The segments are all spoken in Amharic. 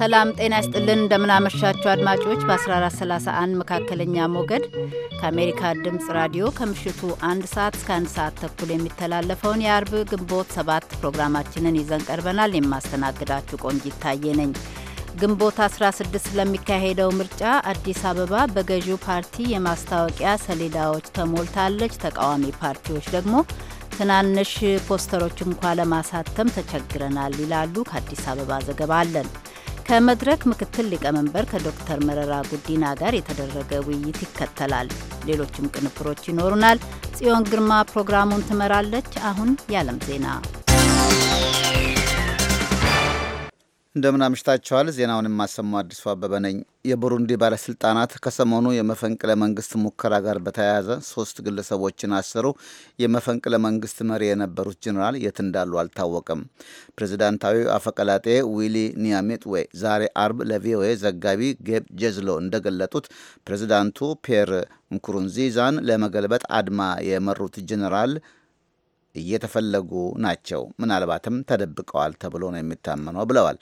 ሰላም ጤና ይስጥልን። እንደምናመሻችሁ አድማጮች በ1431 መካከለኛ ሞገድ ከአሜሪካ ድምፅ ራዲዮ ከምሽቱ አንድ ሰዓት እስከ አንድ ሰዓት ተኩል የሚተላለፈውን የአርብ ግንቦት ሰባት ፕሮግራማችንን ይዘን ቀርበናል። የማስተናግዳችሁ ቆንጂት ታዬ ነኝ። ግንቦት 16 ለሚካሄደው ምርጫ አዲስ አበባ በገዢው ፓርቲ የማስታወቂያ ሰሌዳዎች ተሞልታለች። ተቃዋሚ ፓርቲዎች ደግሞ ትናንሽ ፖስተሮች እንኳ ለማሳተም ተቸግረናል ይላሉ። ከአዲስ አበባ ዘገባ አለን። ከመድረክ ምክትል ሊቀመንበር ከዶክተር መረራ ጉዲና ጋር የተደረገ ውይይት ይከተላል። ሌሎችም ቅንብሮች ይኖሩናል። ጽዮን ግርማ ፕሮግራሙን ትመራለች። አሁን የዓለም ዜና እንደምን አምሽታችኋል። ዜናውን የማሰማው አዲሱ አበበ ነኝ። የቡሩንዲ ባለስልጣናት ከሰሞኑ የመፈንቅለ መንግስት ሙከራ ጋር በተያያዘ ሶስት ግለሰቦችን አሰሩ። የመፈንቅለ መንግስት መሪ የነበሩት ጀኔራል የት እንዳሉ አልታወቀም። ፕሬዚዳንታዊ አፈቀላጤ ዊሊ ኒያሜጥዌ ዛሬ አርብ ለቪኦኤ ዘጋቢ ጌብ ጀዝሎ እንደገለጡት ፕሬዚዳንቱ ፒየር ንኩሩንዚዛን ለመገልበጥ አድማ የመሩት ጀኔራል እየተፈለጉ ናቸው። ምናልባትም ተደብቀዋል ተብሎ ነው የሚታመነው ብለዋል።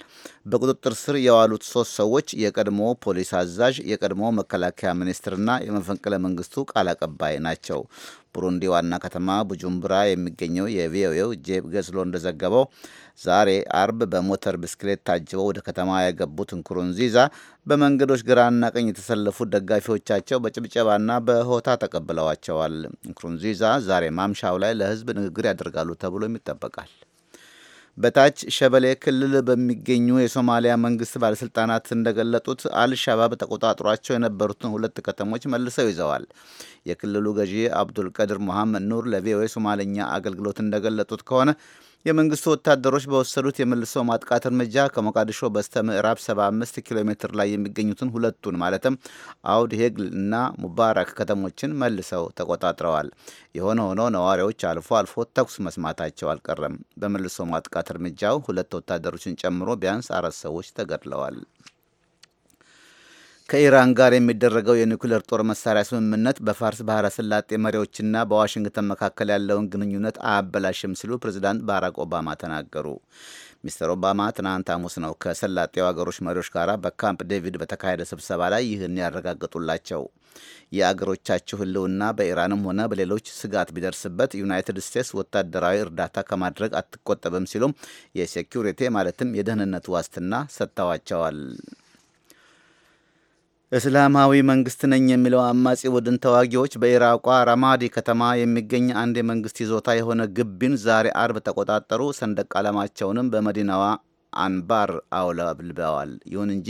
በቁጥጥር ስር የዋሉት ሶስት ሰዎች የቀድሞ ፖሊስ አዛዥ፣ የቀድሞ መከላከያ ሚኒስትርና የመፈንቅለ መንግስቱ ቃል አቀባይ ናቸው። ቡሩንዲ ዋና ከተማ ቡጁምብራ የሚገኘው የቪኦኤው ጄብ ገዝሎ እንደዘገበው ዛሬ አርብ በሞተር ብስክሌት ታጅበው ወደ ከተማ የገቡት እንኩሩንዚዛ በመንገዶች ግራና ቀኝ የተሰለፉት ደጋፊዎቻቸው በጭብጨባና በሆታ ተቀብለዋቸዋል። እንኩሩንዚዛ ዛሬ ማምሻው ላይ ለህዝብ ንግግር ያደርጋሉ ተብሎም ይጠበቃል። በታች ሸበሌ ክልል በሚገኙ የሶማሊያ መንግስት ባለስልጣናት እንደገለጡት አልሻባብ ተቆጣጥሯቸው የነበሩትን ሁለት ከተሞች መልሰው ይዘዋል። የክልሉ ገዢ አብዱልቀድር ሙሐመድ ኑር ለቪኦኤ ሶማልኛ አገልግሎት እንደገለጡት ከሆነ የመንግስቱ ወታደሮች በወሰዱት የመልሶ ማጥቃት እርምጃ ከሞቃዲሾ በስተ ምዕራብ 75 ኪሎ ሜትር ላይ የሚገኙትን ሁለቱን ማለትም አውድ ሄግል እና ሙባራክ ከተሞችን መልሰው ተቆጣጥረዋል። የሆነ ሆኖ ነዋሪዎች አልፎ አልፎ ተኩስ መስማታቸው አልቀረም። በመልሶ ማጥቃት እርምጃው ሁለት ወታደሮችን ጨምሮ ቢያንስ አራት ሰዎች ተገድለዋል። ከኢራን ጋር የሚደረገው የኒኩሌር ጦር መሳሪያ ስምምነት በፋርስ ባህረ ስላጤ መሪዎችና በዋሽንግተን መካከል ያለውን ግንኙነት አያበላሽም ሲሉ ፕሬዚዳንት ባራክ ኦባማ ተናገሩ። ሚስተር ኦባማ ትናንት ሐሙስ ነው ከሰላጤው አገሮች መሪዎች ጋር በካምፕ ዴቪድ በተካሄደ ስብሰባ ላይ ይህን ያረጋግጡላቸው የአገሮቻችሁ ሕልውና በኢራንም ሆነ በሌሎች ስጋት ቢደርስበት ዩናይትድ ስቴትስ ወታደራዊ እርዳታ ከማድረግ አትቆጠብም ሲሉም የሴኪሪቲ ማለትም የደህንነት ዋስትና ሰጥተዋቸዋል። እስላማዊ መንግስት ነኝ የሚለው አማጺ ቡድን ተዋጊዎች በኢራቋ ራማዲ ከተማ የሚገኝ አንድ የመንግስት ይዞታ የሆነ ግቢን ዛሬ አርብ ተቆጣጠሩ። ሰንደቅ ዓላማቸውንም በመዲናዋ አንባር አውለብልበዋል። ይሁን እንጂ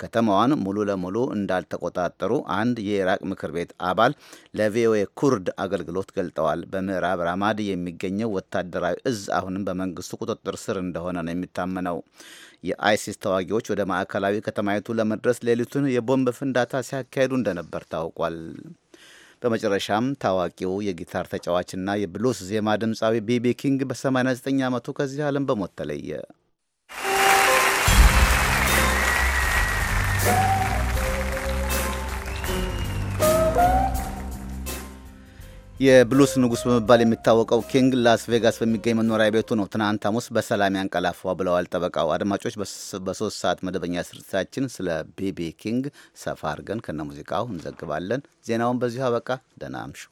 ከተማዋን ሙሉ ለሙሉ እንዳልተቆጣጠሩ አንድ የኢራቅ ምክር ቤት አባል ለቪኦኤ ኩርድ አገልግሎት ገልጠዋል። በምዕራብ ራማድ የሚገኘው ወታደራዊ እዝ አሁንም በመንግስቱ ቁጥጥር ስር እንደሆነ ነው የሚታመነው። የአይሲስ ተዋጊዎች ወደ ማዕከላዊ ከተማይቱ ለመድረስ ሌሊቱን የቦምብ ፍንዳታ ሲያካሂዱ እንደነበር ታውቋል። በመጨረሻም ታዋቂው የጊታር ተጫዋችና የብሉስ ዜማ ድምፃዊ ቢቢ ኪንግ በ89 ዓመቱ ከዚህ ዓለም በሞት ተለየ። የብሉስ ንጉሥ በመባል የሚታወቀው ኪንግ ላስ ቬጋስ በሚገኝ መኖሪያ ቤቱ ነው ትናንት ሐሙስ በሰላም ያንቀላፏ ብለዋል ጠበቃው። አድማጮች፣ በሶስት ሰዓት መደበኛ ስርጭታችን ስለ ቤቢ ኪንግ ሰፋ አድርገን ከነ ሙዚቃው እንዘግባለን። ዜናውን በዚሁ አበቃ። ደህና አምሹ።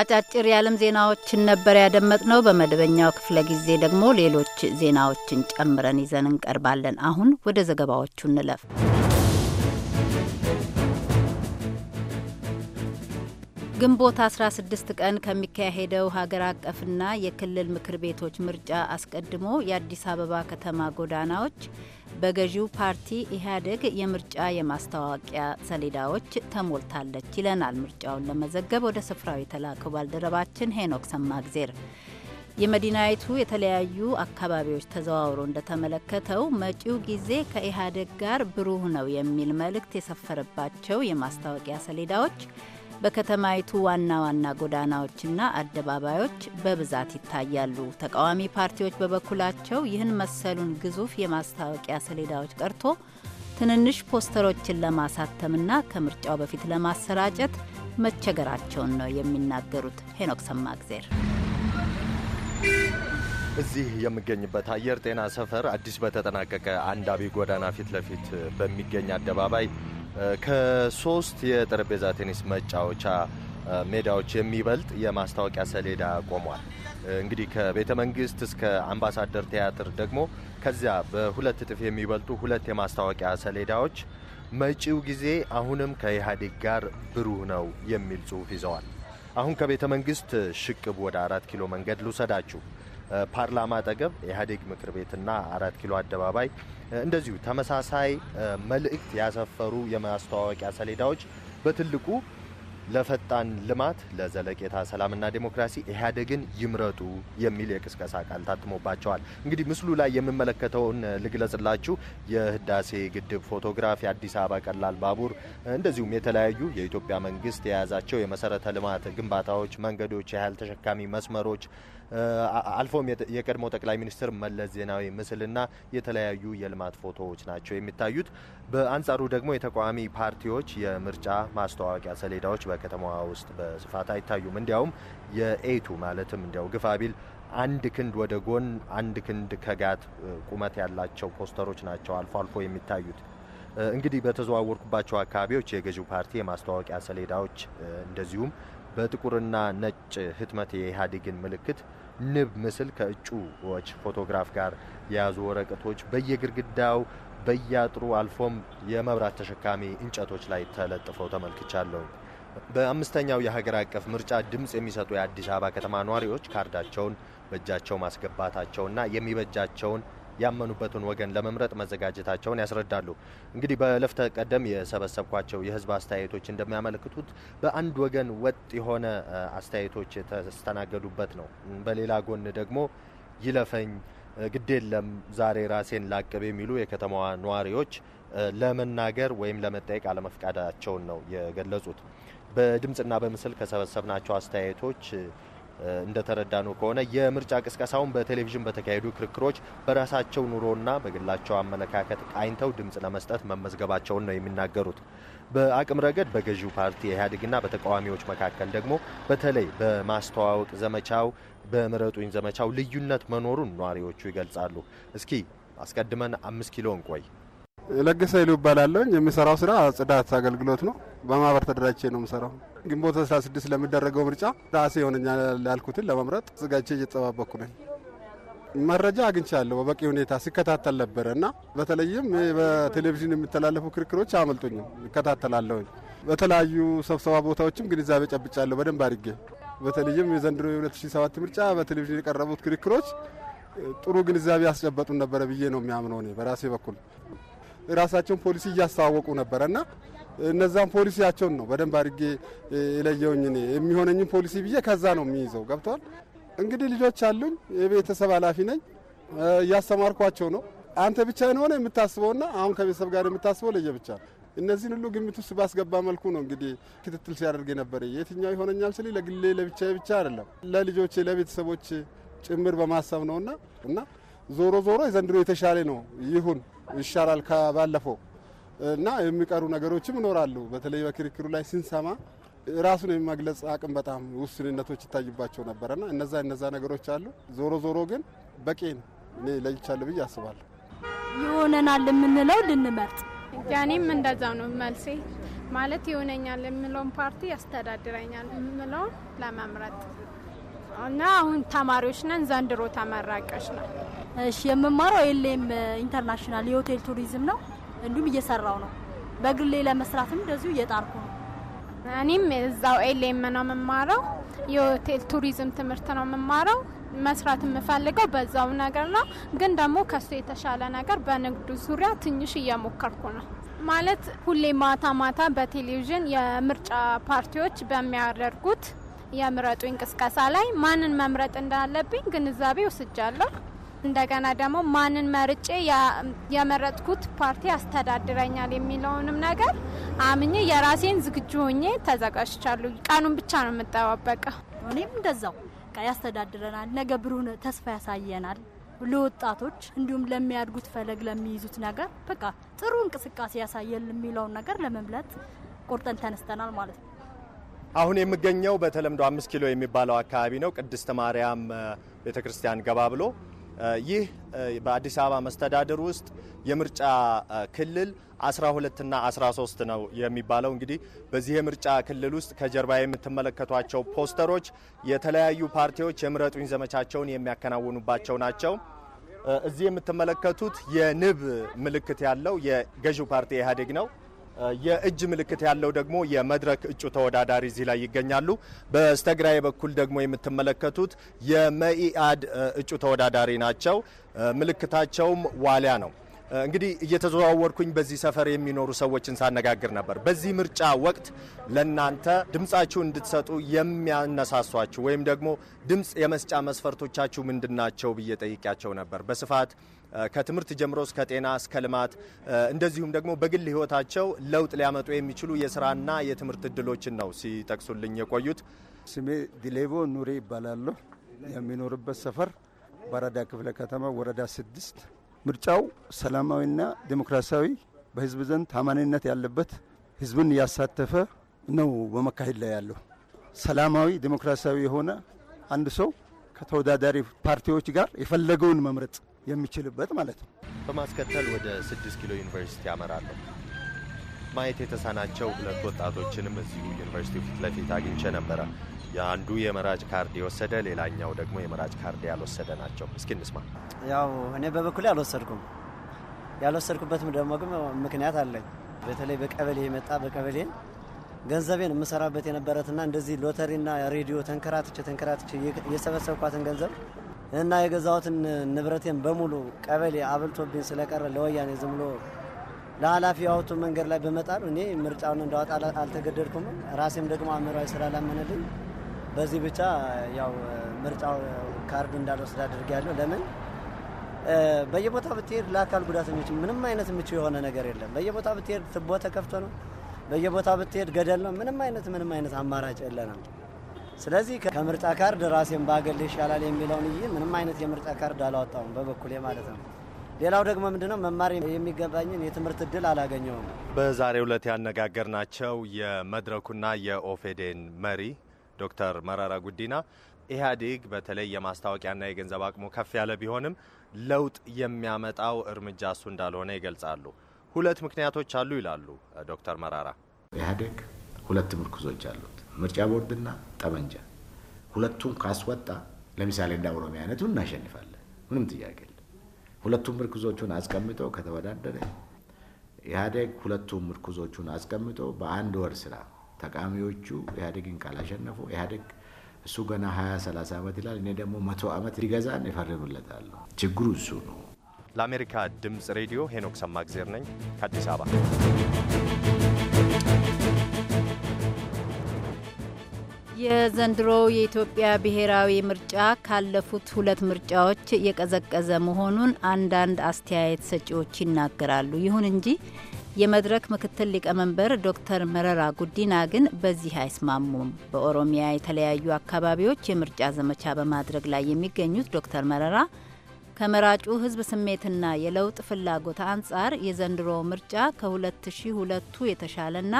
አጫጭር የዓለም ዜናዎችን ነበር ያደመጥነው። በመደበኛው ክፍለ ጊዜ ደግሞ ሌሎች ዜናዎችን ጨምረን ይዘን እንቀርባለን። አሁን ወደ ዘገባዎቹ እንለፍ። ግንቦት 16 ቀን ከሚካሄደው ሀገር አቀፍና የክልል ምክር ቤቶች ምርጫ አስቀድሞ የአዲስ አበባ ከተማ ጎዳናዎች በገዢው ፓርቲ ኢህአዴግ የምርጫ የማስታወቂያ ሰሌዳዎች ተሞልታለች ይለናል። ምርጫውን ለመዘገብ ወደ ስፍራው የተላከው ባልደረባችን ሄኖክ ሰማግዜር የመዲናይቱ የተለያዩ አካባቢዎች ተዘዋውሮ እንደተመለከተው መጪው ጊዜ ከኢህአዴግ ጋር ብሩህ ነው የሚል መልእክት የሰፈረባቸው የማስታወቂያ ሰሌዳዎች በከተማይቱ ዋና ዋና ጎዳናዎችና አደባባዮች በብዛት ይታያሉ። ተቃዋሚ ፓርቲዎች በበኩላቸው ይህን መሰሉን ግዙፍ የማስታወቂያ ሰሌዳዎች ቀርቶ ትንንሽ ፖስተሮችን ለማሳተምና ከምርጫው በፊት ለማሰራጨት መቸገራቸውን ነው የሚናገሩት። ሄኖክ ሰማእግዜር እዚህ የምገኝበት አየር ጤና ሰፈር አዲስ በተጠናቀቀ አንዳቢ ጎዳና ፊት ለፊት በሚገኝ አደባባይ ከሶስት የጠረጴዛ ቴኒስ መጫወቻ ሜዳዎች የሚበልጥ የማስታወቂያ ሰሌዳ ቆሟል። እንግዲህ ከቤተ መንግስት እስከ አምባሳደር ቲያትር ደግሞ ከዚያ በሁለት እጥፍ የሚበልጡ ሁለት የማስታወቂያ ሰሌዳዎች መጪው ጊዜ አሁንም ከኢህአዴግ ጋር ብሩህ ነው የሚል ጽሑፍ ይዘዋል። አሁን ከቤተ መንግስት ሽቅብ ወደ አራት ኪሎ መንገድ ልውሰዳችሁ። ፓርላማ አጠገብ ኢህአዴግ ምክር ቤትና አራት ኪሎ አደባባይ እንደዚሁ ተመሳሳይ መልእክት ያሰፈሩ የማስታወቂያ ሰሌዳዎች በትልቁ ለፈጣን ልማት ለዘለቄታ ሰላምና ዴሞክራሲ ኢህአዴግን ይምረጡ የሚል የቅስቀሳ ቃል ታትሞባቸዋል። እንግዲህ ምስሉ ላይ የምመለከተውን ልግለጽላችሁ። የህዳሴ ግድብ ፎቶግራፍ፣ የአዲስ አበባ ቀላል ባቡር፣ እንደዚሁም የተለያዩ የኢትዮጵያ መንግስት የያዛቸው የመሰረተ ልማት ግንባታዎች፣ መንገዶች፣ የኃይል ተሸካሚ መስመሮች አልፎም የቀድሞ ጠቅላይ ሚኒስትር መለስ ዜናዊ ምስልና የተለያዩ የልማት ፎቶዎች ናቸው የሚታዩት። በአንጻሩ ደግሞ የተቃዋሚ ፓርቲዎች የምርጫ ማስታወቂያ ሰሌዳዎች በከተማዋ ውስጥ በስፋት አይታዩም። እንዲያውም የኤቱ ማለትም እንዲያው ግፋቢል አንድ ክንድ ወደ ጎን፣ አንድ ክንድ ከጋት ቁመት ያላቸው ፖስተሮች ናቸው አልፎ አልፎ የሚታዩት። እንግዲህ በተዘዋወርኩባቸው አካባቢዎች የገዢው ፓርቲ የማስታወቂያ ሰሌዳዎች እንደዚሁም በጥቁርና ነጭ ህትመት የኢህአዴግን ምልክት ንብ ምስል ከእጩዎች ፎቶግራፍ ጋር የያዙ ወረቀቶች በየግድግዳው በያጥሩ አልፎም የመብራት ተሸካሚ እንጨቶች ላይ ተለጥፈው ተመልክቻለሁ። በአምስተኛው የሀገር አቀፍ ምርጫ ድምፅ የሚሰጡ የአዲስ አበባ ከተማ ነዋሪዎች ካርዳቸውን በእጃቸው ማስገባታቸውና የሚበጃቸውን ያመኑበትን ወገን ለመምረጥ መዘጋጀታቸውን ያስረዳሉ። እንግዲህ በለፍተ ቀደም የሰበሰብኳቸው የህዝብ አስተያየቶች እንደሚያመለክቱት በአንድ ወገን ወጥ የሆነ አስተያየቶች የተስተናገዱበት ነው። በሌላ ጎን ደግሞ ይለፈኝ ግድ የለም ዛሬ ራሴን ላቅብ የሚሉ የከተማዋ ነዋሪዎች ለመናገር ወይም ለመጠየቅ አለመፍቃዳቸውን ነው የገለጹት። በድምፅና በምስል ከሰበሰብናቸው አስተያየቶች እንደተረዳ ነው ከሆነ የምርጫ ቅስቀሳውን በቴሌቪዥን በተካሄዱ ክርክሮች በራሳቸው ኑሮና በግላቸው አመለካከት ቃኝተው ድምፅ ለመስጠት መመዝገባቸውን ነው የሚናገሩት። በአቅም ረገድ በገዢው ፓርቲ ኢህአዴግና በተቃዋሚዎች መካከል ደግሞ በተለይ በማስተዋወቅ ዘመቻው በምረጡኝ ዘመቻው ልዩነት መኖሩን ነዋሪዎቹ ይገልጻሉ። እስኪ አስቀድመን አምስት ኪሎ እንቆይ። ለገሰ ይሉ ይባላለሁ። የሚሰራው ስራ ጽዳት አገልግሎት ነው። በማህበር ተደራጅቼ ነው የምሰራው። ግንቦት 16 ለሚደረገው ምርጫ ራሴ የሆነኛል ያልኩትን ለመምረጥ ጽጋቼ እየተጠባበቅኩ ነኝ። መረጃ አግኝቻለሁ በበቂ ሁኔታ ሲከታተል ነበረ እና በተለይም በቴሌቪዥን የሚተላለፉ ክርክሮች አመልጡኝም ይከታተላለሁኝ። በተለያዩ ስብሰባ ቦታዎችም ግንዛቤ ጨብጫለሁ በደንብ አድርጌ። በተለይም የዘንድሮ የ2007 ምርጫ በቴሌቪዥን የቀረቡት ክርክሮች ጥሩ ግንዛቤ ያስጨበጡን ነበረ ብዬ ነው የሚያምነው እኔ በራሴ በኩል ራሳቸውን ፖሊሲ እያስተዋወቁ ነበረ እና እነዛን ፖሊሲያቸውን ነው በደንብ አድርጌ የለየውኝ እኔ ፖሊሲ ብዬ ከዛ ነው የሚይዘው። ገብተዋል። እንግዲህ ልጆች አሉኝ፣ የቤተሰብ ኃላፊ ነኝ፣ እያስተማርኳቸው ነው። አንተ ብቻህን ሆነ የምታስበውና አሁን ከቤተሰብ ጋር የምታስበው ለየ ብቻ እነዚህን ሁሉ ግምት ውስጥ ባስገባ መልኩ ነው እንግዲህ ክትትል ሲያደርግ የነበረ። የትኛው ይሆነኛል ስል ለግሌ ለብቻ ብቻ አይደለም ለልጆቼ ለቤተሰቦች ጭምር በማሰብ ነውና እና ዞሮ ዞሮ የዘንድሮ የተሻለ ነው ይሁን ይሻላል ከባለፈው እና የሚቀሩ ነገሮችም ይኖራሉ። በተለይ በክርክሩ ላይ ስንሰማ ራሱን የመግለጽ አቅም በጣም ውስንነቶች ይታይባቸው ነበረና እነዛ እነዛ ነገሮች አሉ። ዞሮ ዞሮ ግን በቂን እኔ ለይቻለሁ ብዬ አስባለሁ። ይሆነናል የምንለው ልንመርጥ ያኔም እንደዛ ነው መልሴ ማለት ይሆነኛል የምለውን ፓርቲ ያስተዳድረኛል የምለውን ለመምረጥ እና አሁን ተማሪዎች ነን ዘንድሮ ተመራቂዎች ነው። እሺ የምማረው ኤልኤም ኢንተርናሽናል የሆቴል ቱሪዝም ነው። እንዲሁም እየሰራው ነው። በግሌ ለመስራትም እንደዚሁ እየጣርኩ ነው። እኔም እዛው ኤልኤም ነው የምማረው። የሆቴል ቱሪዝም ትምህርት ነው የምማረው። መስራት የምፈልገው በዛው ነገር ነው። ግን ደግሞ ከሱ የተሻለ ነገር በንግዱ ዙሪያ ትንሽ እየሞከርኩ ነው። ማለት ሁሌ ማታ ማታ በቴሌቪዥን የምርጫ ፓርቲዎች በሚያደርጉት የምረጡ እንቅስቃሴ ላይ ማንን መምረጥ እንዳለብኝ ግንዛቤ ወስጃለሁ። እንደገና ደግሞ ማንን መርጬ የመረጥኩት ፓርቲ ያስተዳድረኛል የሚለውንም ነገር አምኜ የራሴን ዝግጁ ሆኜ ተዘጋጅቻሉ። ቀኑን ብቻ ነው የምጠባበቀው። እኔም እንደዛው ያስተዳድረናል፣ ነገ ብሩህ ተስፋ ያሳየናል። ለወጣቶች እንዲሁም ለሚያድጉት ፈለግ ለሚይዙት ነገር በቃ ጥሩ እንቅስቃሴ ያሳየል የሚለውን ነገር ለመምለጥ ቆርጠን ተነስተናል ማለት ነው። አሁን የምገኘው በተለምዶ አምስት ኪሎ የሚባለው አካባቢ ነው። ቅድስተ ማርያም ቤተ ክርስቲያን ገባ ብሎ ይህ በአዲስ አበባ መስተዳድር ውስጥ የምርጫ ክልል 12 እና 13 ነው የሚባለው። እንግዲህ በዚህ የምርጫ ክልል ውስጥ ከጀርባ የምትመለከቷቸው ፖስተሮች የተለያዩ ፓርቲዎች የምረጡኝ ዘመቻቸውን የሚያከናውኑባቸው ናቸው። እዚህ የምትመለከቱት የንብ ምልክት ያለው የገዢው ፓርቲ ኢህአዴግ ነው። የእጅ ምልክት ያለው ደግሞ የመድረክ እጩ ተወዳዳሪ እዚህ ላይ ይገኛሉ። በስተግራዬ በኩል ደግሞ የምትመለከቱት የመኢአድ እጩ ተወዳዳሪ ናቸው። ምልክታቸውም ዋሊያ ነው። እንግዲህ እየተዘዋወርኩኝ በዚህ ሰፈር የሚኖሩ ሰዎችን ሳነጋግር ነበር። በዚህ ምርጫ ወቅት ለእናንተ ድምፃችሁ እንድትሰጡ የሚያነሳሷችሁ ወይም ደግሞ ድምፅ የመስጫ መስፈርቶቻችሁ ምንድናቸው ብዬ ጠይቂያቸው ነበር በስፋት ከትምህርት ጀምሮ እስከ ጤና እስከ ልማት እንደዚሁም ደግሞ በግል ህይወታቸው ለውጥ ሊያመጡ የሚችሉ የስራና የትምህርት እድሎችን ነው ሲጠቅሱልኝ የቆዩት። ስሜ ዲሌቦ ኑሬ ይባላለሁ። የሚኖርበት ሰፈር በአራዳ ክፍለ ከተማ ወረዳ ስድስት ምርጫው ሰላማዊና ዴሞክራሲያዊ በህዝብ ዘንድ ታማኒነት ያለበት ህዝብን ያሳተፈ ነው በመካሄድ ላይ ያለው። ሰላማዊ ዴሞክራሲያዊ የሆነ አንድ ሰው ከተወዳዳሪ ፓርቲዎች ጋር የፈለገውን መምረጥ የሚችልበት ማለት ነው። በማስከተል ወደ ስድስት ኪሎ ዩኒቨርሲቲ አመራለሁ ማየት የተሳናቸው ሁለት ወጣቶችንም እዚሁ ዩኒቨርሲቲው ፊት ለፊት አግኝቼ ነበረ። የአንዱ የመራጭ ካርድ የወሰደ ሌላኛው ደግሞ የመራጭ ካርድ ያልወሰደ ናቸው። እስኪ እንስማ። ያው እኔ በበኩሌ አልወሰድኩም። ያልወሰድኩበትም ደግሞ ግን ምክንያት አለኝ። በተለይ በቀበሌ የመጣ በቀበሌ ገንዘቤን የምሰራበት የነበረትና እንደዚህ ሎተሪና ሬዲዮ ተንከራትቼ ተንከራትቼ የሰበሰብኳትን ገንዘብ እና የገዛሁትን ንብረቴን በሙሉ ቀበሌ አብልቶብኝ ስለቀረ ለወያኔ ዝም ብሎ ለኃላፊ ያወቱ መንገድ ላይ በመጣሉ እኔ ምርጫውን እንዳወጣ አልተገደድኩም። ራሴም ደግሞ አእምሯዊ ላመነልኝ በዚህ ብቻ ያው ምርጫው ካርዱ እንዳልወስድ ያለው ለምን በየቦታ ብትሄድ ለአካል ጉዳተኞች ምንም አይነት ምቹ የሆነ ነገር የለም። በየቦታ ብትሄድ ትቦ ተከፍቶ ነው። በየቦታ ብትሄድ ገደል ነው። ምንም አይነት ምንም አይነት አማራጭ የለንም። ስለዚህ ከምርጫ ካርድ ራሴን ባገል ይሻላል የሚለውን እይ ምንም አይነት የምርጫ ካርድ አላወጣውም በበኩሌ ማለት ነው። ሌላው ደግሞ ምንድነው መማር የሚገባኝን የትምህርት እድል አላገኘውም። በዛሬ ዕለት ያነጋገርናቸው የመድረኩና የኦፌዴን መሪ ዶክተር መረራ ጉዲና ኢህአዴግ በተለይ የማስታወቂያና የገንዘብ አቅሙ ከፍ ያለ ቢሆንም ለውጥ የሚያመጣው እርምጃ እሱ እንዳልሆነ ይገልጻሉ። ሁለት ምክንያቶች አሉ ይላሉ ዶክተር መራራ። ኢህአዴግ ሁለት ምርኩዞች አሉ ምርጫ ቦርድና ጠመንጃ ሁለቱም ካስወጣ ለምሳሌ እንደ ኦሮሚያ አይነቱ እናሸንፋለን። ምንም ጥያቄ የለ። ሁለቱም ምርኩዞቹን አስቀምጦ ከተወዳደረ ኢህአዴግ ሁለቱም ምርኩዞቹን አስቀምጦ በአንድ ወር ስራ ተቃሚዎቹ ኢህአዴግን ካላሸነፉ ኢህአዴግ እሱ ገና ሀያ ሰላሳ ዓመት ይላል፣ እኔ ደግሞ መቶ ዓመት ሊገዛን እፈርምለታለሁ። ችግሩ እሱ ነው። ለአሜሪካ ድምፅ ሬዲዮ ሄኖክ ሰማግዜር ነኝ ከአዲስ አበባ የዘንድሮ የኢትዮጵያ ብሔራዊ ምርጫ ካለፉት ሁለት ምርጫዎች የቀዘቀዘ መሆኑን አንዳንድ አስተያየት ሰጪዎች ይናገራሉ። ይሁን እንጂ የመድረክ ምክትል ሊቀመንበር ዶክተር መረራ ጉዲና ግን በዚህ አይስማሙም። በኦሮሚያ የተለያዩ አካባቢዎች የምርጫ ዘመቻ በማድረግ ላይ የሚገኙት ዶክተር መረራ ከመራጩ ሕዝብ ስሜትና የለውጥ ፍላጎት አንጻር የዘንድሮ ምርጫ ከ2002ቱ የተሻለና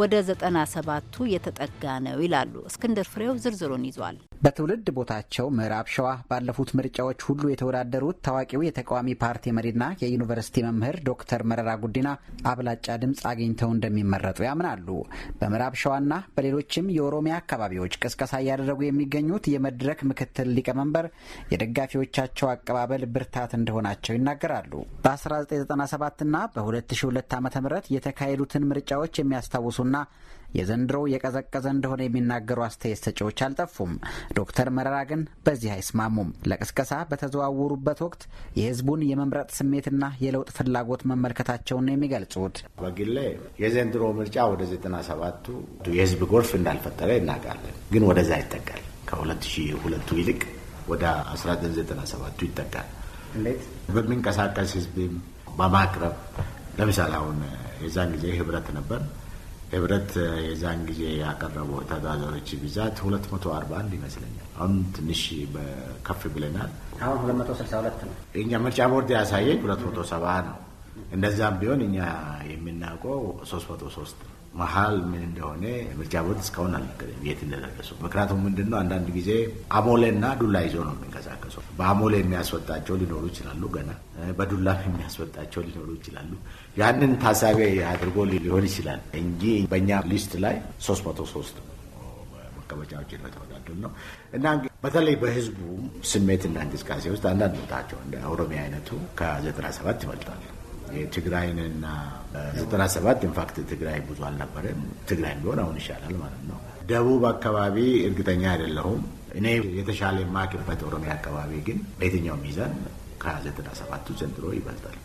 ወደ 97ቱ የተጠጋ ነው ይላሉ። እስክንድር ፍሬው ዝርዝሩን ይዟል። በትውልድ ቦታቸው ምዕራብ ሸዋ ባለፉት ምርጫዎች ሁሉ የተወዳደሩት ታዋቂው የተቃዋሚ ፓርቲ መሪና የዩኒቨርሲቲ መምህር ዶክተር መረራ ጉዲና አብላጫ ድምፅ አግኝተው እንደሚመረጡ ያምናሉ። በምዕራብ ሸዋና በሌሎችም የኦሮሚያ አካባቢዎች ቅስቀሳ እያደረጉ የሚገኙት የመድረክ ምክትል ሊቀመንበር የደጋፊዎቻቸው አቀባበል ብርታት እንደሆናቸው ይናገራሉ። በ1997ና በ2002 ዓ ም የተካሄዱትን ምርጫዎች የሚያስታውሱና የዘንድሮ የቀዘቀዘ እንደሆነ የሚናገሩ አስተያየት ሰጪዎች አልጠፉም። ዶክተር መረራ ግን በዚህ አይስማሙም። ለቅስቀሳ በተዘዋወሩበት ወቅት የህዝቡን የመምረጥ ስሜትና የለውጥ ፍላጎት መመልከታቸውን ነው የሚገልጹት። በግሌ የዘንድሮ ምርጫ ወደ ዘጠና ሰባቱ የህዝብ ጎርፍ እንዳልፈጠረ ይናጋለን፣ ግን ወደዛ ይጠጋል። ከ2002 ይልቅ ወደ 1997 ይጠጋል። እንዴት በሚንቀሳቀስ ህዝብም በማቅረብ ለምሳሌ አሁን የዛን ጊዜ ህብረት ነበር ህብረት የዛን ጊዜ ያቀረበው ተወዳዳሪዎች ብዛት ሁለት መቶ አርባ አንድ ይመስለኛል። አሁን ትንሽ ከፍ ብለናል። አሁን ሁለት መቶ ስልሳ ሁለት ነው። እኛ ምርጫ ቦርድ ያሳየኝ ሁለት መቶ ሰባ ነው። እንደዛም ቢሆን እኛ የምናውቀው ሶስት መቶ ሶስት ነው። መሀል ምን እንደሆነ ምርጫ ቦርድ እስካሁን አልነገረም የት እንደደረሱ። ምክንያቱም ምንድን ነው አንዳንድ ጊዜ አሞሌና ዱላ ይዞ ነው የሚንቀሳቀሱ። በአሞሌ የሚያስወጣቸው ሊኖሩ ይችላሉ፣ ገና በዱላ የሚያስወጣቸው ሊኖሩ ይችላሉ። ያንን ታሳቢ አድርጎ ሊሆን ይችላል እንጂ በእኛ ሊስት ላይ 303 መቀመጫዎች የተወዳደሩ ነው እና በተለይ በህዝቡ ስሜትና እንቅስቃሴ ውስጥ አንዳንድ ቦታቸው እንደ ኦሮሚያ አይነቱ ከ97 ይበልጣል። የትግራይንና ዘጠና ሰባት ኢንፋክት ትግራይ ብዙ አልነበረም። ትግራይ ቢሆን አሁን ይሻላል ማለት ነው። ደቡብ አካባቢ እርግጠኛ አይደለሁም። እኔ የተሻለ የማክበት ኦሮሚያ አካባቢ ግን በየትኛው ሚዛን ከዘጠና ሰባቱ ዘንድሮ ይበልጣል።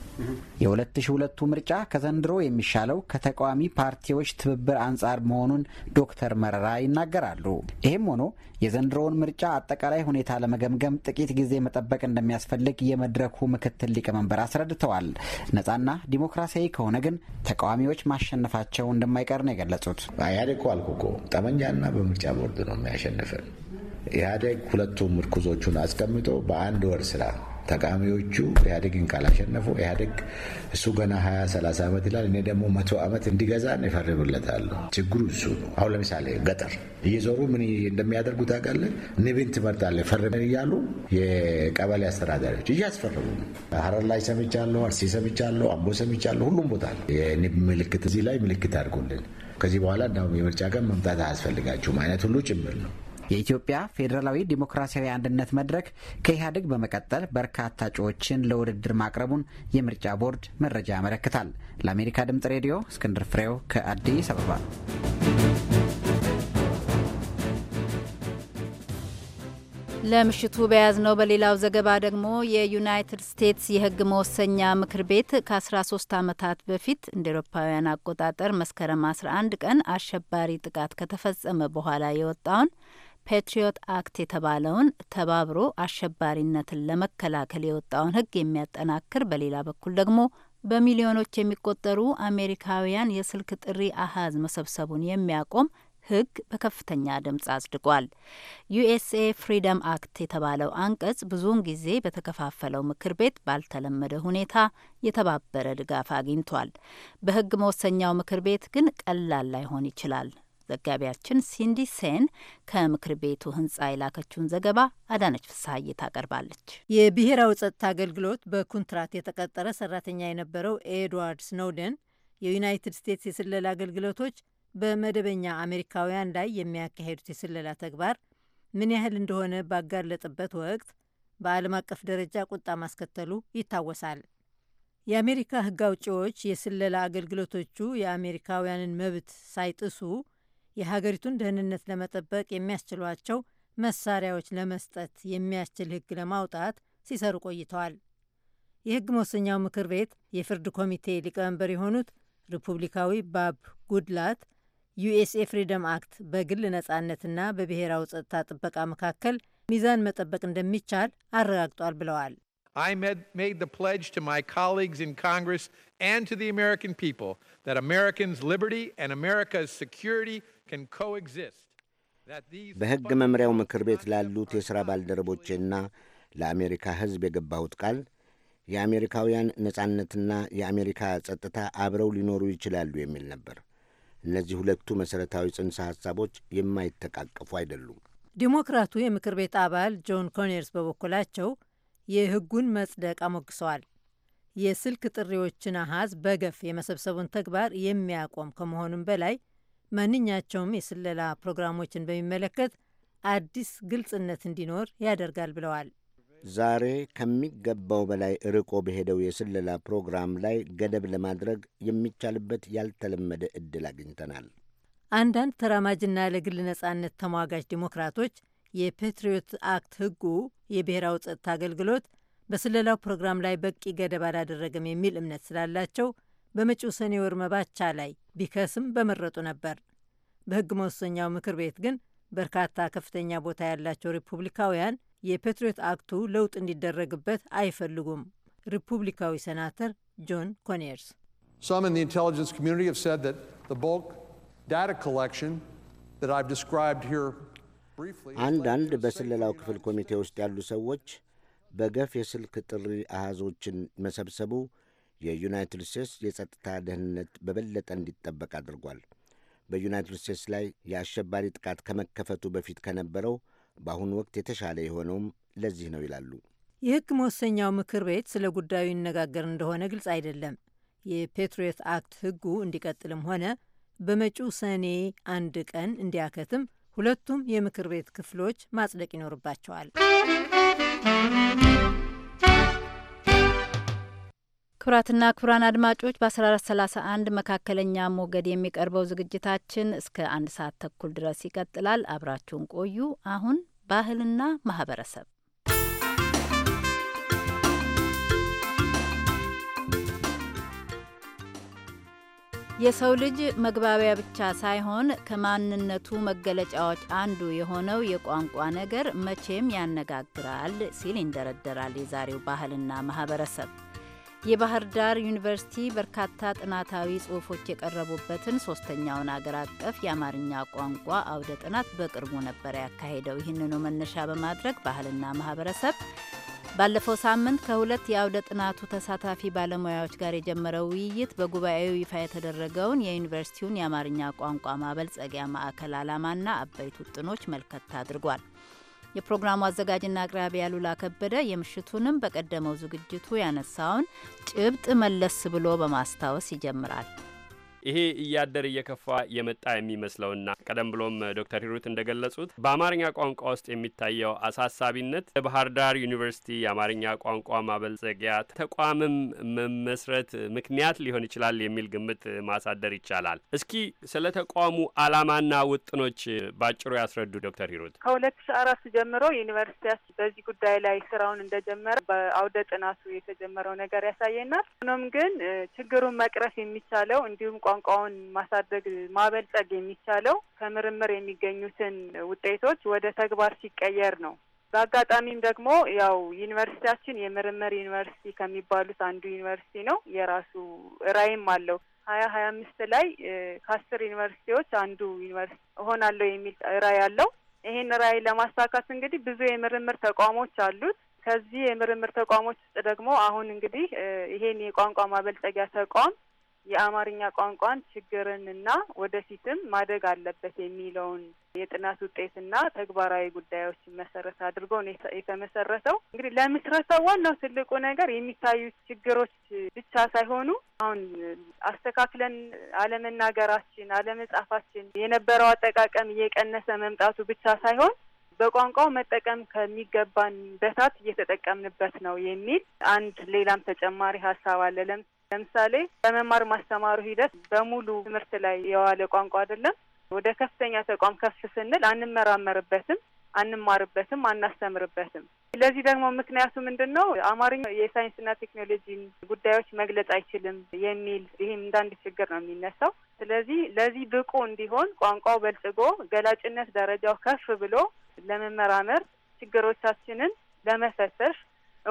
የ2002ቱ ምርጫ ከዘንድሮ የሚሻለው ከተቃዋሚ ፓርቲዎች ትብብር አንጻር መሆኑን ዶክተር መረራ ይናገራሉ። ይህም ሆኖ የዘንድሮውን ምርጫ አጠቃላይ ሁኔታ ለመገምገም ጥቂት ጊዜ መጠበቅ እንደሚያስፈልግ የመድረኩ ምክትል ሊቀመንበር አስረድተዋል። ነጻና ዲሞክራሲያዊ ከሆነ ግን ተቃዋሚዎች ማሸነፋቸው እንደማይቀር ነው የገለጹት። ኢህአዴግ አልኩ እኮ ጠመንጃና በምርጫ ቦርድ ነው የሚያሸንፍን። ኢህአዴግ ሁለቱም ምርኩዞቹን አስቀምጦ በአንድ ወር ስራ ተቃሚዎቹ ኢህአዴግን ካላሸነፉ ኢህአዴግ እሱ ገና ሀያ ሰላሳ ዓመት ይላል፣ እኔ ደግሞ መቶ ዓመት እንዲገዛን እፈርምለታለሁ። ችግሩ እሱ ነው። አሁን ለምሳሌ ገጠር እየዞሩ ምን እንደሚያደርጉ ታውቃለህ? ንብን ትመርጣለህ ፈርም እያሉ የቀበሌ አስተዳዳሪዎች እያስፈርሙ ነው። ሀረር ላይ ሰምቻለሁ፣ አርሲ ሰምቻለሁ፣ አምቦ ሰምቻለሁ። ሁሉም ቦታ ነው የንብ ምልክት። እዚህ ላይ ምልክት አድርጎልን ከዚህ በኋላ እንዳውም የምርጫ ቀን መምጣት አያስፈልጋችሁም አይነት ሁሉ ጭምር ነው። የኢትዮጵያ ፌዴራላዊ ዲሞክራሲያዊ አንድነት መድረክ ከኢህአዴግ በመቀጠል በርካታ እጩዎችን ለውድድር ማቅረቡን የምርጫ ቦርድ መረጃ ያመለክታል። ለአሜሪካ ድምጽ ሬዲዮ እስክንድር ፍሬው ከአዲስ አበባ። ለምሽቱ በያዝነው በሌላው ዘገባ ደግሞ የዩናይትድ ስቴትስ የህግ መወሰኛ ምክር ቤት ከ13 ዓመታት በፊት እንደ ኤሮፓውያን አቆጣጠር መስከረም 11 ቀን አሸባሪ ጥቃት ከተፈጸመ በኋላ የወጣውን ፔትሪዮት አክት የተባለውን ተባብሮ አሸባሪነትን ለመከላከል የወጣውን ሕግ የሚያጠናክር በሌላ በኩል ደግሞ በሚሊዮኖች የሚቆጠሩ አሜሪካውያን የስልክ ጥሪ አሃዝ መሰብሰቡን የሚያቆም ሕግ በከፍተኛ ድምፅ አጽድቋል። ዩኤስኤ ፍሪደም አክት የተባለው አንቀጽ ብዙውን ጊዜ በተከፋፈለው ምክር ቤት ባልተለመደ ሁኔታ የተባበረ ድጋፍ አግኝቷል። በሕግ መወሰኛው ምክር ቤት ግን ቀላል ላይሆን ይችላል። ዘጋቢያችን ሲንዲ ሴን ከምክር ቤቱ ህንጻ የላከችውን ዘገባ አዳነች ፍስሀዬ ታቀርባለች። የብሔራዊ ጸጥታ አገልግሎት በኩንትራት የተቀጠረ ሰራተኛ የነበረው ኤድዋርድ ስኖደን የዩናይትድ ስቴትስ የስለላ አገልግሎቶች በመደበኛ አሜሪካውያን ላይ የሚያካሄዱት የስለላ ተግባር ምን ያህል እንደሆነ ባጋለጥበት ወቅት በዓለም አቀፍ ደረጃ ቁጣ ማስከተሉ ይታወሳል። የአሜሪካ ህግ አውጪዎች የስለላ አገልግሎቶቹ የአሜሪካውያንን መብት ሳይጥሱ የሀገሪቱን ደህንነት ለመጠበቅ የሚያስችሏቸው መሳሪያዎች ለመስጠት የሚያስችል ህግ ለማውጣት ሲሰሩ ቆይተዋል። የህግ መወሰኛው ምክር ቤት የፍርድ ኮሚቴ ሊቀመንበር የሆኑት ሪፑብሊካዊ ባብ ጉድላት ዩኤስኤ ፍሪደም አክት በግል ነጻነትና በብሔራዊ ጸጥታ ጥበቃ መካከል ሚዛን መጠበቅ እንደሚቻል አረጋግጧል ብለዋል። በሕግ መምሪያው ምክር ቤት ላሉት የሥራ ባልደረቦቼና ለአሜሪካ ሕዝብ የገባሁት ቃል የአሜሪካውያን ነጻነትና የአሜሪካ ጸጥታ አብረው ሊኖሩ ይችላሉ የሚል ነበር። እነዚህ ሁለቱ መሠረታዊ ጽንሰ ሐሳቦች የማይተቃቀፉ አይደሉም። ዲሞክራቱ የምክር ቤት አባል ጆን ኮኔርስ በበኩላቸው የሕጉን መጽደቅ አሞግሰዋል። የስልክ ጥሪዎችን አሃዝ በገፍ የመሰብሰቡን ተግባር የሚያቆም ከመሆኑም በላይ ማንኛቸውም የስለላ ፕሮግራሞችን በሚመለከት አዲስ ግልጽነት እንዲኖር ያደርጋል ብለዋል። ዛሬ ከሚገባው በላይ ርቆ በሄደው የስለላ ፕሮግራም ላይ ገደብ ለማድረግ የሚቻልበት ያልተለመደ ዕድል አግኝተናል። አንዳንድ ተራማጅና ለግል ነጻነት ተሟጋጅ ዲሞክራቶች የፔትሪዮት አክት ሕጉ የብሔራዊ ጸጥታ አገልግሎት በስለላው ፕሮግራም ላይ በቂ ገደብ አላደረገም የሚል እምነት ስላላቸው በመጪው ሰኔ ወር መባቻ ላይ ቢከስም በመረጡ ነበር። በሕግ መወሰኛው ምክር ቤት ግን በርካታ ከፍተኛ ቦታ ያላቸው ሪፑብሊካውያን የፔትሪዮት አክቱ ለውጥ እንዲደረግበት አይፈልጉም። ሪፑብሊካዊ ሴናተር ጆን ኮኔርስ አንዳንድ በስለላው ክፍል ኮሚቴ ውስጥ ያሉ ሰዎች በገፍ የስልክ ጥሪ አሃዞችን መሰብሰቡ የዩናይትድ ስቴትስ የጸጥታ ደህንነት በበለጠ እንዲጠበቅ አድርጓል። በዩናይትድ ስቴትስ ላይ የአሸባሪ ጥቃት ከመከፈቱ በፊት ከነበረው በአሁኑ ወቅት የተሻለ የሆነውም ለዚህ ነው ይላሉ። የሕግ መወሰኛው ምክር ቤት ስለ ጉዳዩ ይነጋገር እንደሆነ ግልጽ አይደለም። የፔትሪዮት አክት ሕጉ እንዲቀጥልም ሆነ በመጪው ሰኔ አንድ ቀን እንዲያከትም ሁለቱም የምክር ቤት ክፍሎች ማጽደቅ ይኖርባቸዋል። ክቡራትና ክቡራን አድማጮች በ1431 መካከለኛ ሞገድ የሚቀርበው ዝግጅታችን እስከ አንድ ሰዓት ተኩል ድረስ ይቀጥላል። አብራችሁን ቆዩ። አሁን ባህልና ማህበረሰብ የሰው ልጅ መግባቢያ ብቻ ሳይሆን ከማንነቱ መገለጫዎች አንዱ የሆነው የቋንቋ ነገር መቼም ያነጋግራል ሲል ይንደረደራል የዛሬው ባህልና ማህበረሰብ። የባህር ዳር ዩኒቨርሲቲ በርካታ ጥናታዊ ጽሁፎች የቀረቡበትን ሶስተኛውን አገር አቀፍ የአማርኛ ቋንቋ አውደ ጥናት በቅርቡ ነበር ያካሄደው። ይህንኑ መነሻ በማድረግ ባህልና ማህበረሰብ ባለፈው ሳምንት ከሁለት የአውደ ጥናቱ ተሳታፊ ባለሙያዎች ጋር የጀመረው ውይይት በጉባኤው ይፋ የተደረገውን የዩኒቨርሲቲውን የአማርኛ ቋንቋ ማበልጸጊያ ማዕከል ዓላማና አበይት ውጥኖች መልከት አድርጓል። የፕሮግራሙ አዘጋጅና አቅራቢ ያሉላ ከበደ የምሽቱንም በቀደመው ዝግጅቱ ያነሳውን ጭብጥ መለስ ብሎ በማስታወስ ይጀምራል። ይሄ እያደር እየከፋ የመጣ የሚመስለውና ቀደም ብሎም ዶክተር ሂሩት እንደገለጹት በአማርኛ ቋንቋ ውስጥ የሚታየው አሳሳቢነት ለባህር ዳር ዩኒቨርሲቲ የአማርኛ ቋንቋ ማበልጸጊያ ተቋምም መመስረት ምክንያት ሊሆን ይችላል የሚል ግምት ማሳደር ይቻላል። እስኪ ስለ ተቋሙ ዓላማና ውጥኖች ባጭሩ ያስረዱ ዶክተር ሂሩት። ከሁለት ሺ አራት ጀምሮ ዩኒቨርሲቲ በዚህ ጉዳይ ላይ ስራውን እንደጀመረ በአውደ ጥናቱ የተጀመረው ነገር ያሳየናል። ሆኖም ግን ችግሩን መቅረፍ የሚቻለው እንዲሁም ቋንቋውን ማሳደግ ማበልጸግ የሚቻለው ከምርምር የሚገኙትን ውጤቶች ወደ ተግባር ሲቀየር ነው። በአጋጣሚም ደግሞ ያው ዩኒቨርሲቲያችን የምርምር ዩኒቨርሲቲ ከሚባሉት አንዱ ዩኒቨርሲቲ ነው። የራሱ ራዕይም አለው። ሀያ ሀያ አምስት ላይ ከአስር ዩኒቨርሲቲዎች አንዱ ዩኒቨርሲቲ እሆናለሁ የሚል ራዕይ አለው። ይሄን ራዕይ ለማሳካት እንግዲህ ብዙ የምርምር ተቋሞች አሉት። ከዚህ የምርምር ተቋሞች ውስጥ ደግሞ አሁን እንግዲህ ይሄን የቋንቋ ማበልጸጊያ ተቋም የአማርኛ ቋንቋን ችግርንና ወደፊትም ማደግ አለበት የሚለውን የጥናት ውጤትና ተግባራዊ ጉዳዮች መሰረት አድርጎ ነው የተመሰረተው። እንግዲህ ለምስረተው ዋናው ትልቁ ነገር የሚታዩት ችግሮች ብቻ ሳይሆኑ አሁን አስተካክለን አለመናገራችን፣ አለመጻፋችን፣ የነበረው አጠቃቀም እየቀነሰ መምጣቱ ብቻ ሳይሆን በቋንቋው መጠቀም ከሚገባን በታች እየተጠቀምንበት ነው የሚል አንድ ሌላም ተጨማሪ ሀሳብ አለ። ለምሳሌ በመማር ማስተማሩ ሂደት በሙሉ ትምህርት ላይ የዋለ ቋንቋ አይደለም። ወደ ከፍተኛ ተቋም ከፍ ስንል አንመራመርበትም፣ አንማርበትም፣ አናስተምርበትም። ለዚህ ደግሞ ምክንያቱ ምንድን ነው? አማርኛ የሳይንስና ቴክኖሎጂን ጉዳዮች መግለጽ አይችልም የሚል ይህም እንዳንድ ችግር ነው የሚነሳው። ስለዚህ ለዚህ ብቁ እንዲሆን ቋንቋው በልጽጎ ገላጭነት ደረጃው ከፍ ብሎ ለመመራመር ችግሮቻችንን ለመፈተሽ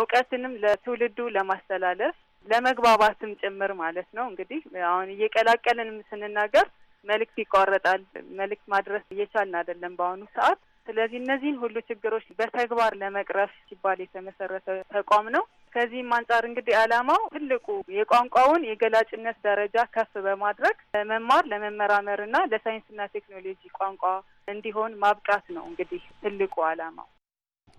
እውቀትንም ለትውልዱ ለማስተላለፍ ለመግባባትም ጭምር ማለት ነው። እንግዲህ አሁን እየቀላቀልንም ስንናገር መልእክት ይቋረጣል። መልእክት ማድረስ እየቻልን አይደለም በአሁኑ ሰዓት። ስለዚህ እነዚህን ሁሉ ችግሮች በተግባር ለመቅረፍ ሲባል የተመሰረተ ተቋም ነው። ከዚህም አንጻር እንግዲህ ዓላማው ትልቁ የቋንቋውን የገላጭነት ደረጃ ከፍ በማድረግ ለመማር ለመመራመርና ለሳይንስና ቴክኖሎጂ ቋንቋ እንዲሆን ማብቃት ነው። እንግዲህ ትልቁ ዓላማው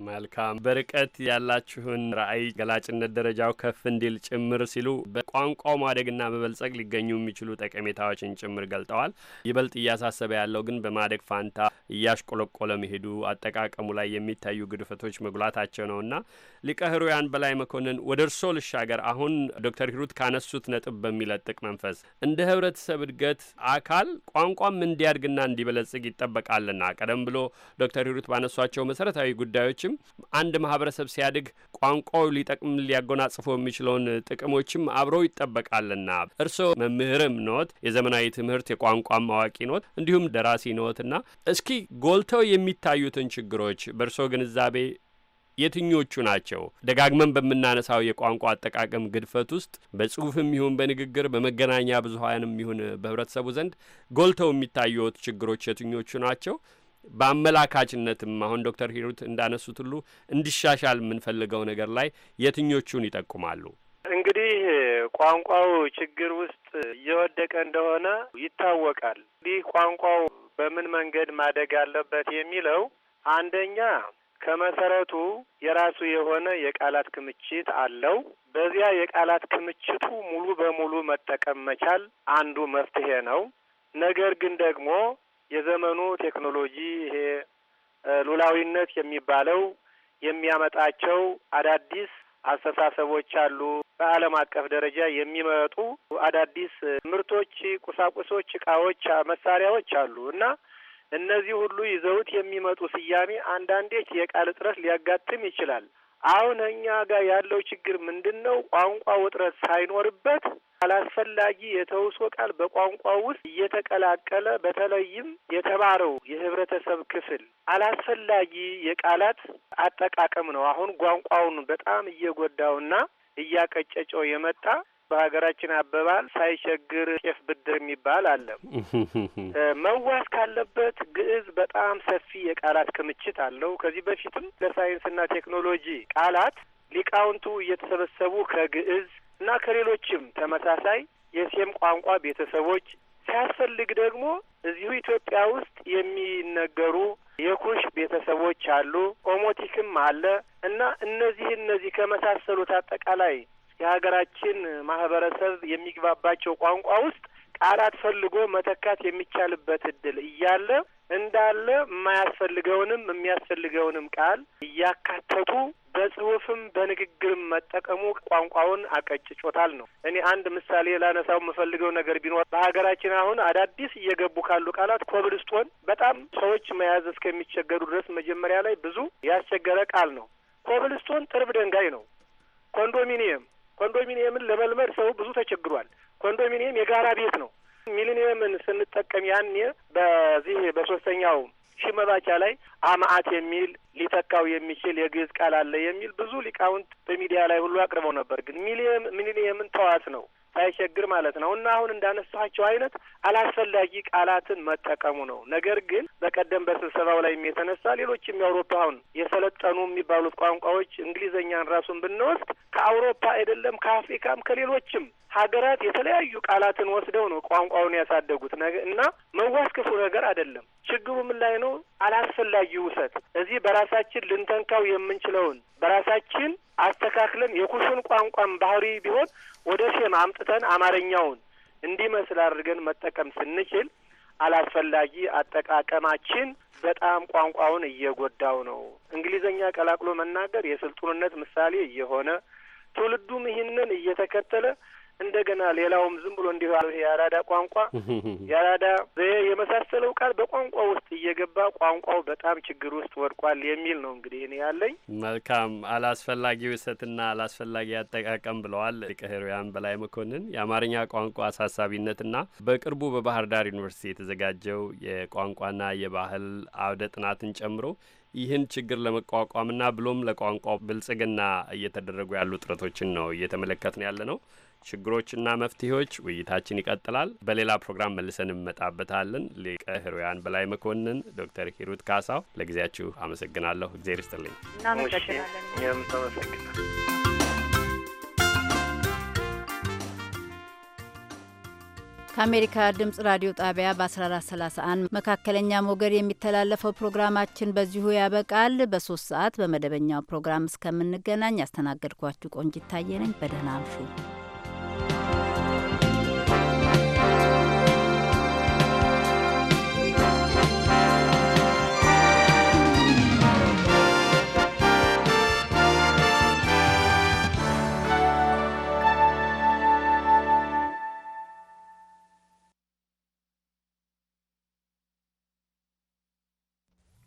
መልካም በርቀት ያላችሁን ራዕይ ገላጭነት ደረጃው ከፍ እንዲል ጭምር ሲሉ በቋንቋው ማደግና መበልጸግ ሊገኙ የሚችሉ ጠቀሜታዎችን ጭምር ገልጠዋል። ይበልጥ እያሳሰበ ያለው ግን በማደግ ፋንታ እያሽቆለቆለ መሄዱ አጠቃቀሙ ላይ የሚታዩ ግድፈቶች መጉላታቸው ነውና ሊቀ ሕሩያን በላይ መኮንን ወደ እርሶ ልሻገር። አሁን ዶክተር ሂሩት ካነሱት ነጥብ በሚለጥቅ መንፈስ እንደ ህብረተሰብ እድገት አካል ቋንቋም እንዲያድግና እንዲበለጽግ ይጠበቃልና ቀደም ብሎ ዶክተር ሂሩት ባነሷቸው መሰረታዊ ጉዳዮችም አንድ ማህበረሰብ ሲያድግ ቋንቋው ሊጠቅም ሊያጎናጽፎ የሚችለውን ጥቅሞችም አብረው ይጠበቃልና እርስዎ መምህርም ኖት፣ የዘመናዊ ትምህርት የቋንቋም አዋቂ ኖት፣ እንዲሁም ደራሲ ኖትና እስኪ ጎልተው የሚታዩትን ችግሮች በእርስዎ ግንዛቤ የትኞቹ ናቸው? ደጋግመን በምናነሳው የቋንቋ አጠቃቀም ግድፈት ውስጥ በጽሁፍም ይሁን በንግግር በመገናኛ ብዙሀንም ይሁን በህብረተሰቡ ዘንድ ጎልተው የሚታዩት ችግሮች የትኞቹ ናቸው? በአመላካችነትም አሁን ዶክተር ሂሩት እንዳነሱት ሁሉ እንዲሻሻል የምንፈልገው ነገር ላይ የትኞቹን ይጠቁማሉ? እንግዲህ ቋንቋው ችግር ውስጥ እየወደቀ እንደሆነ ይታወቃል። እንዲህ ቋንቋው በምን መንገድ ማደግ አለበት የሚለው አንደኛ ከመሰረቱ የራሱ የሆነ የቃላት ክምችት አለው። በዚያ የቃላት ክምችቱ ሙሉ በሙሉ መጠቀም መቻል አንዱ መፍትሄ ነው። ነገር ግን ደግሞ የዘመኑ ቴክኖሎጂ ይሄ ሉላዊነት የሚባለው የሚያመጣቸው አዳዲስ አስተሳሰቦች አሉ። በዓለም አቀፍ ደረጃ የሚመጡ አዳዲስ ምርቶች፣ ቁሳቁሶች፣ እቃዎች፣ መሳሪያዎች አሉ እና እነዚህ ሁሉ ይዘውት የሚመጡ ስያሜ አንዳንዴ የቃል እጥረት ሊያጋጥም ይችላል። አሁን እኛ ጋር ያለው ችግር ምንድን ነው? ቋንቋ ውጥረት ሳይኖርበት አላስፈላጊ የተውሶ ቃል በቋንቋ ውስጥ እየተቀላቀለ በተለይም የተማረው የህብረተሰብ ክፍል አላስፈላጊ የቃላት አጠቃቀም ነው አሁን ቋንቋውን በጣም እየጎዳውና እያቀጨጨው የመጣ በሀገራችን አበባል ሳይቸግር ቄፍ ብድር የሚባል አለ። መዋስ ካለበት ግዕዝ በጣም ሰፊ የቃላት ክምችት አለው። ከዚህ በፊትም ለሳይንስና ቴክኖሎጂ ቃላት ሊቃውንቱ እየተሰበሰቡ ከግዕዝ እና ከሌሎችም ተመሳሳይ የሴም ቋንቋ ቤተሰቦች ሲያስፈልግ ደግሞ እዚሁ ኢትዮጵያ ውስጥ የሚነገሩ የኩሽ ቤተሰቦች አሉ፣ ኦሞቲክም አለ እና እነዚህ እነዚህ ከመሳሰሉት አጠቃላይ የሀገራችን ማህበረሰብ የሚግባባቸው ቋንቋ ውስጥ ቃላት ፈልጎ መተካት የሚቻልበት እድል እያለ እንዳለ የማያስፈልገውንም የሚያስፈልገውንም ቃል እያካተቱ በጽሁፍም በንግግርም መጠቀሙ ቋንቋውን አቀጭጮታል ነው። እኔ አንድ ምሳሌ ላነሳው የምፈልገው ነገር ቢኖር በሀገራችን አሁን አዳዲስ እየገቡ ካሉ ቃላት ኮብልስቶን በጣም ሰዎች መያዝ እስከሚቸገሩ ድረስ መጀመሪያ ላይ ብዙ ያስቸገረ ቃል ነው። ኮብልስቶን ጥርብ ድንጋይ ነው። ኮንዶሚኒየም ኮንዶሚኒየምን ለመልመድ ሰው ብዙ ተቸግሯል። ኮንዶሚኒየም የጋራ ቤት ነው። ሚሊኒየምን ስንጠቀም ያኔ በዚህ በሶስተኛው ሺህ መባቻ ላይ አማአት የሚል ሊተካው የሚችል የግዕዝ ቃል አለ የሚል ብዙ ሊቃውንት በሚዲያ ላይ ሁሉ አቅርበው ነበር። ግን ሚሊየም ሚሊኒየምን ተዋት ነው ሳይቸግር ማለት ነው እና አሁን እንዳነሳቸው አይነት አላስፈላጊ ቃላትን መጠቀሙ ነው። ነገር ግን በቀደም በስብሰባው ላይም የተነሳ ሌሎችም የአውሮፓውን የሰለጠኑ የሚባሉት ቋንቋዎች እንግሊዝኛን ራሱን ብንወስድ ከአውሮፓ አይደለም ከአፍሪካም ከሌሎችም ሀገራት የተለያዩ ቃላትን ወስደው ነው ቋንቋውን ያሳደጉት እና መዋስ ክፉ ነገር አይደለም። ችግሩ ምን ላይ ነው? አላስፈላጊ ውሰት እዚህ በራሳችን ልንተንካው የምንችለውን በራሳችን አስተካክለን የኩሹን ቋንቋን ባህሪ ቢሆን ወደ ሼም አምጥተን አማርኛውን እንዲመስል አድርገን መጠቀም ስንችል አላስፈላጊ አጠቃቀማችን በጣም ቋንቋውን እየጎዳው ነው። እንግሊዘኛ ቀላቅሎ መናገር የስልጡንነት ምሳሌ እየሆነ ትውልዱም ይህንን እየተከተለ እንደገና ሌላውም ዝም ብሎ እንዲህ የአራዳ ቋንቋ የአራዳ የመሳሰለው ቃል በቋንቋ ውስጥ እየገባ ቋንቋው በጣም ችግር ውስጥ ወድቋል የሚል ነው እንግዲህ እኔ ያለኝ። መልካም አላስፈላጊ ውሰትና አላስፈላጊ አጠቃቀም ብለዋል ሊቀ ሕሩያን በላይ መኮንን። የአማርኛ ቋንቋ አሳሳቢነትና በቅርቡ በባህር ዳር ዩኒቨርሲቲ የተዘጋጀው የቋንቋና የባህል አውደ ጥናትን ጨምሮ ይህን ችግር ለመቋቋምና ብሎም ለቋንቋ ብልጽግና እየተደረጉ ያሉ ጥረቶችን ነው እየተመለከት ነው ያለ ነው። ችግሮችና መፍትሄዎች ውይይታችን ይቀጥላል። በሌላ ፕሮግራም መልሰን እንመጣበታለን። ሊቀ ሕሩያን በላይ መኮንን፣ ዶክተር ሂሩት ካሳው ለጊዜያችሁ አመሰግናለሁ። እግዜር ይስጥልኝ። ከአሜሪካ ድምጽ ራዲዮ ጣቢያ በ1431 መካከለኛ ሞገድ የሚተላለፈው ፕሮግራማችን በዚሁ ያበቃል። በሶስት ሰዓት በመደበኛው ፕሮግራም እስከምንገናኝ ያስተናገድኳችሁ ቆንጅ ይታየነኝ። በደህና አምሹ።